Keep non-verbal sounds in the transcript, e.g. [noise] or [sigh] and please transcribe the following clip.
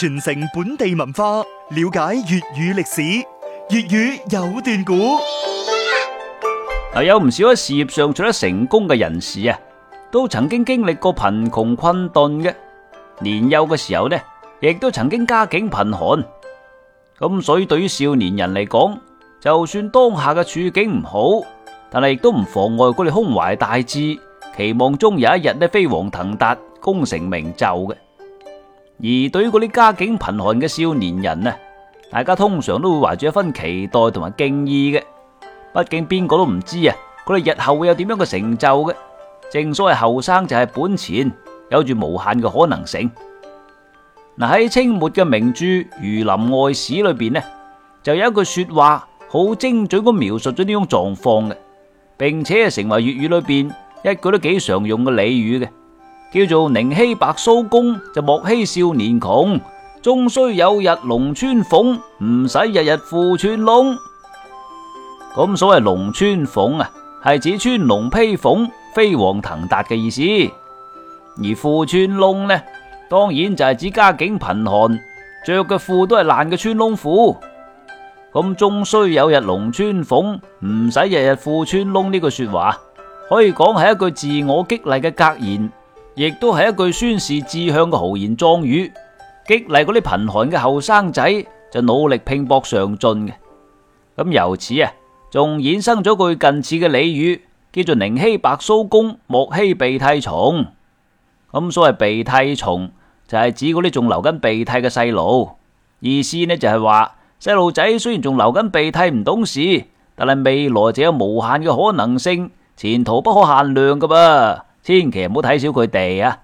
傳承本地文化，了解粵語歷史，粵語有段古。啊， [laughs] 有唔少喺事業上取得成功嘅人士啊，都曾經經歷過貧窮困頓嘅。年幼嘅時候呢，亦都曾經家境貧寒。咁所以對於少年人嚟講，就算當下嘅處境唔好，但係亦都唔妨礙佢哋胸懷大志，期望終有一日呢，飛黃騰達、功成名就嘅。而對於嗰啲家境貧寒嘅少年人呢，大家通常都會懷住一分期待同埋敬意嘅。畢竟邊個都唔知啊，佢哋日後會有點樣嘅成就嘅。正所謂後生就係本錢，有住無限嘅可能性。嗱，喺清末嘅名著《儒林外史》裏邊呢，就有一句說話好精準咁描述咗呢種狀況嘅，並且成為粵語裏邊一句都幾常用嘅俚語嘅。叫做寧欺白鬚公，就莫欺少年窮。終須有日龍穿鳳，唔使日日褲穿窿。咁所謂龍穿鳳啊，係指穿龍披鳳飛黃騰達嘅意思。而褲穿窿呢，當然就係指家境貧寒，着嘅褲都係爛嘅穿窿褲。咁終須有日龍穿鳳，唔使日日褲穿窿呢句說話，可以講係一句自我激勵嘅格言。亦都係一句宣示志向嘅豪言壯語，激勵嗰啲貧寒嘅後生仔就努力拼搏上進嘅。咁由此啊，仲衍生咗句近似嘅俚語，叫做寧欺白鬚公，莫欺鼻涕蟲。咁所謂鼻涕蟲就係指嗰啲仲留緊鼻涕嘅細路，意思呢就係話細路仔雖然仲留緊鼻涕唔懂事，但係未來就有無限嘅可能性，前途不可限量噶噃。千祈唔好睇小佢哋啊！